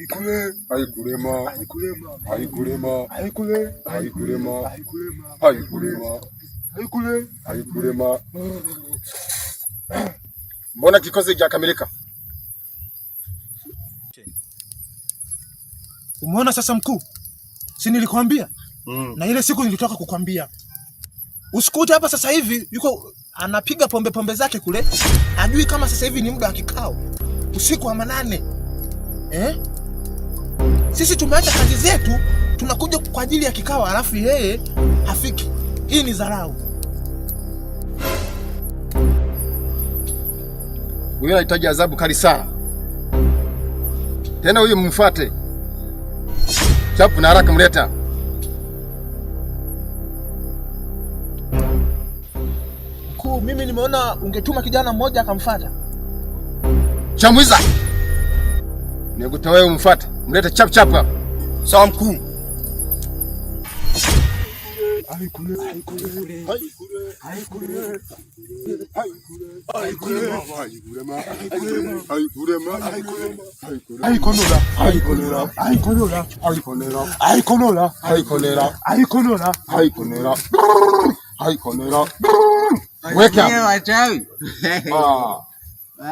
haikule haikulema haikulema haikule haikulema haikulema haikule haikulema. Mbona kikosi kijakamilika? Umeona sasa, mkuu, si nilikwambia? mm. na ile siku nilitoka kukwambia usikute hapa sasa hivi yuko anapiga pombe pombe zake kule, ajui kama sasa hivi ni muda wa kikao usiku wa manane eh? Sisi tumeacha kazi zetu tunakuja kwa ajili ya kikao, alafu yeye hafiki. Hii ni dharau. Huyo anahitaji adhabu kali sana, tena huyu mfuate chapu na haraka, mleta mkuu. Mimi nimeona ungetuma kijana mmoja akamfuata. Chamwiza, nikutoa wewe umfuate Mlete chap chapa. Sawa mkuu.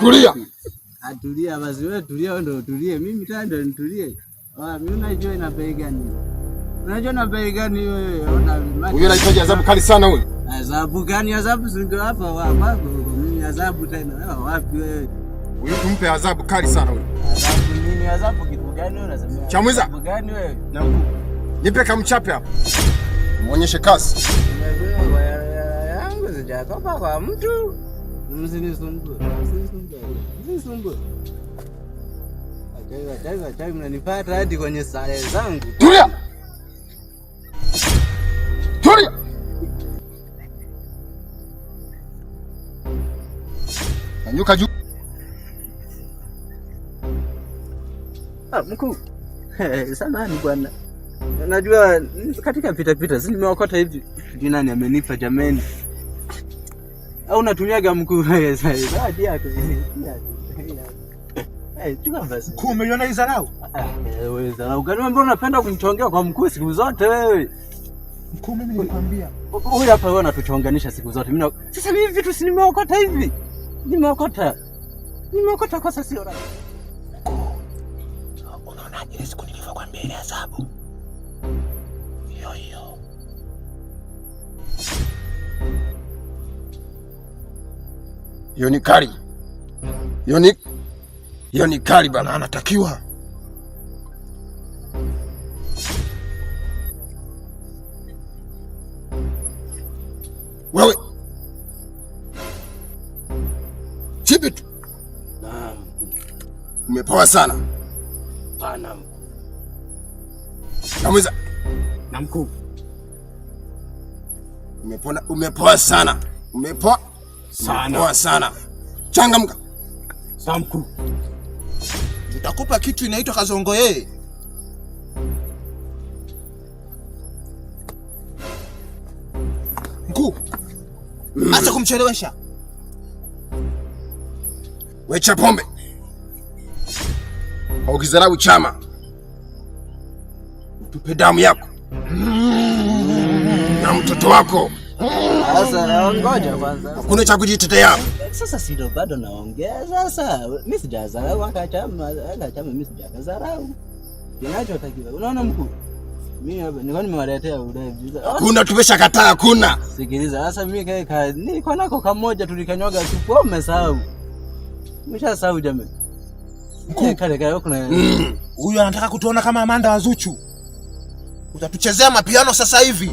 Tulia. Atulia basi wewe, tulia wewe, ndio utulie. Mimi tena ndio nitulie. Ah, mimi unajua ina bei gani? Unajua na bei gani wewe? Ona huyo anahitaji adhabu kali sana huyo. Adhabu gani? Adhabu zingo hapa wa hapa. Mimi adhabu tena wewe ah, wapi wewe? Huyo tumpe adhabu kali sana huyo. Adhabu nini? Adhabu kitu gani wewe unasema? Chamwiza. Adhabu gani wewe? Na nipe kamchape hapo. Muonyeshe kasi. Yangu zijatoka kwa mtu. Msinisumbue, mnanipata hadi kwenye sare zangu. Tulia, tulia. Nanyuka juu. Ah, mkuu. Samahani bwana. Najua katika pitapita si nimeokota hivi, ni nani amenipa jameni? au natumiaga mkuu yako? Ah, mkuu umeiona hii ah, gani? Mbona unapenda kumchongea kwa mkuu siku zote wewe? Mkuu mimi nikwambia. Huyu hapa wewe unatuchonganisha siku zote. Mimi sasa hivi vitu si nimeokota hivi. Nimeokota. Nimeokota sio Unaona ile siku nilivyokuambia ile adhabu? hiyo ni kali, hiyo ni kali bana, anatakiwa wewe chipitu. Naam, umepoa sana pana namwiza na mkuu, umepoa sana, umepoa sana. Poa sana. Changamka. Samku. Nitakupa kitu inaitwa kazongoe. Eh. Mkuu. Mm. Acha kumchelewesha. Wecha pombe. Ukizarau chama utupe damu yako mm. na mtoto wako sasa ngoja kwanza. Kuna cha kujitetea. Sasa si ndo bado naongea sasa. Mimi sijazarau aka chama, aka chama mimi sijazarau. Kinachotakiwa. Unaona mkuu? Mimi hapa nilikuwa nimewaletea udai. Kuna tumesha kataa kuna. Sikiliza sasa mimi kae kae. Nilikuwa nako kamoja tulikanyoga siku au umesahau. Umeshasahau jamani. Kale kale huko na. Mm. Huyu anataka kutuona kama Amanda wa Zuchu. Utatuchezea mapiano sasa hivi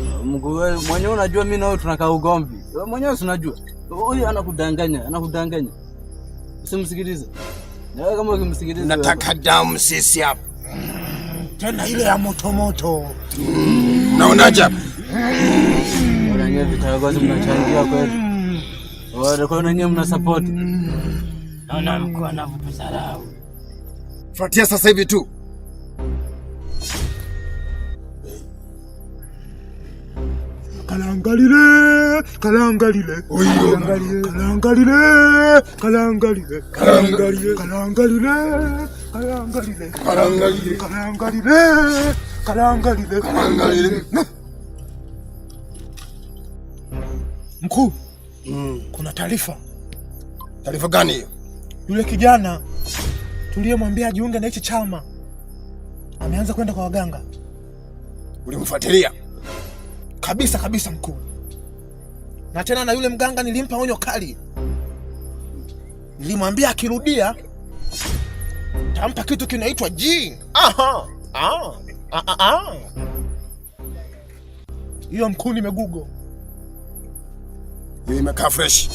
mwenyewe. Unajua mimi na wewe tunakaa ugomvi mwenyewe, unajua huyu anakudanganya, anakudanganya. Usimsikilize na wewe, kama ukimsikiliza nataka damu sisi hapa tena, ile ya moto moto. Unaonaje hapa? nyewe vitagozi mnachangia kweli, wale kwa unanyewe mna support. Naona mko na vitu Fuatia sasa hivi tu kalangalile kalangalile kalangalile kalangalile kalangalile kalangalile kalangalile kalangalile kalangalile Mkuu, mm. Kuna taarifa. Taarifa gani hiyo? Yule kijana tuliyemwambia ajiunge na hichi chama ameanza kwenda kwa waganga. Ulimfuatilia? kabisa kabisa, mkuu. Na tena na yule mganga nilimpa onyo kali, nilimwambia akirudia tampa kitu kinaitwa ji. Aha, aha, aha, aha. Ah. Hiyo mkuu, nimegugo hiyo imekaa fresh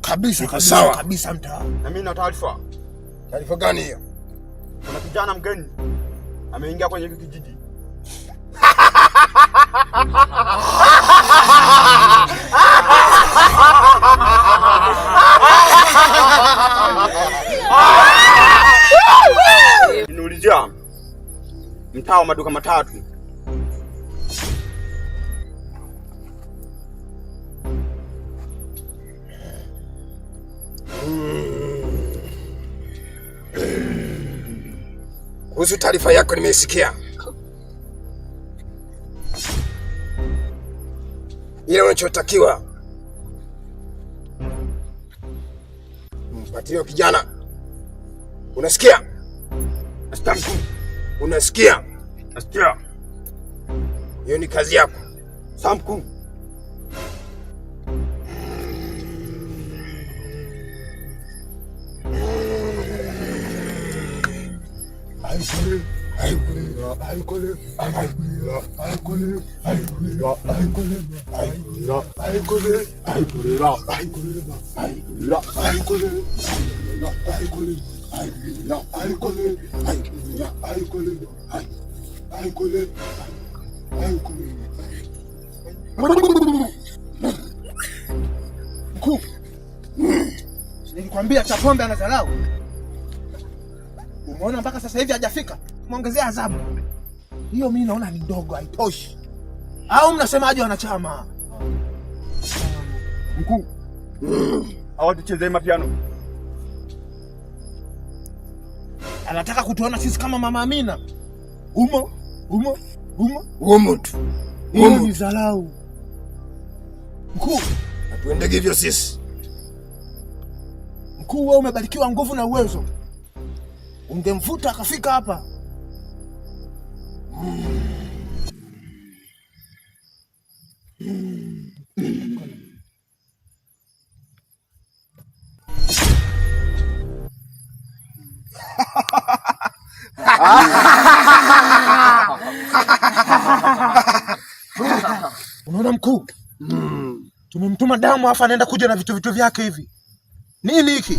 kabisa kabisa kabisa, mtaa. Na mimi na taarifa. Taarifa gani hiyo? Kuna kijana mgeni ameingia kwenye kijiji Niulizia mtaa wa maduka matatu kuhusu taarifa yako, nimeisikia. ile unachotakiwa Mpatie kijana, unasikia? Astafu, unasikia? Nasikia. Hiyo ni kazi yako Samku. Nilikwambia Chapombe anazalau. Umeona mpaka sasa hivi hajafika mwongezea adhabu hiyo, mi naona ni ndogo, haitoshi. Au mnasemaje wanachama? Mkuu, hawatuchezee mapiano. Anataka kutuona sisi kama mama Amina umo umo umo umo tu, hiyo ni dharau mkuu, hatuendege hivyo sisi. Mkuu, wewe umebarikiwa nguvu na uwezo, ungemvuta akafika hapa. Unaona mkuu, mm. Tumemtuma damu afa anaenda kuja na vitu vitu vyake hivi. Nini hiki?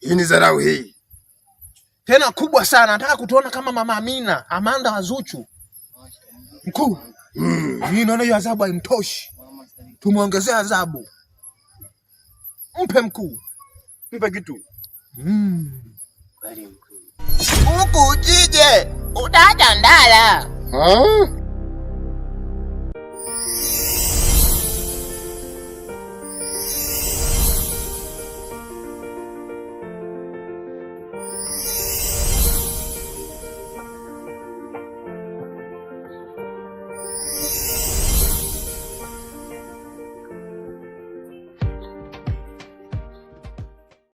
Hii ni dharau hii tena kubwa sana. Nataka kutuona kama mama Amina, Amanda wa Zuchu. Mkuu, mimi hmm. naona hiyo adhabu haimtoshi, tumwongezea adhabu. Mpe mkuu, mpe kitu hmm. mkuu. Jije utata ndala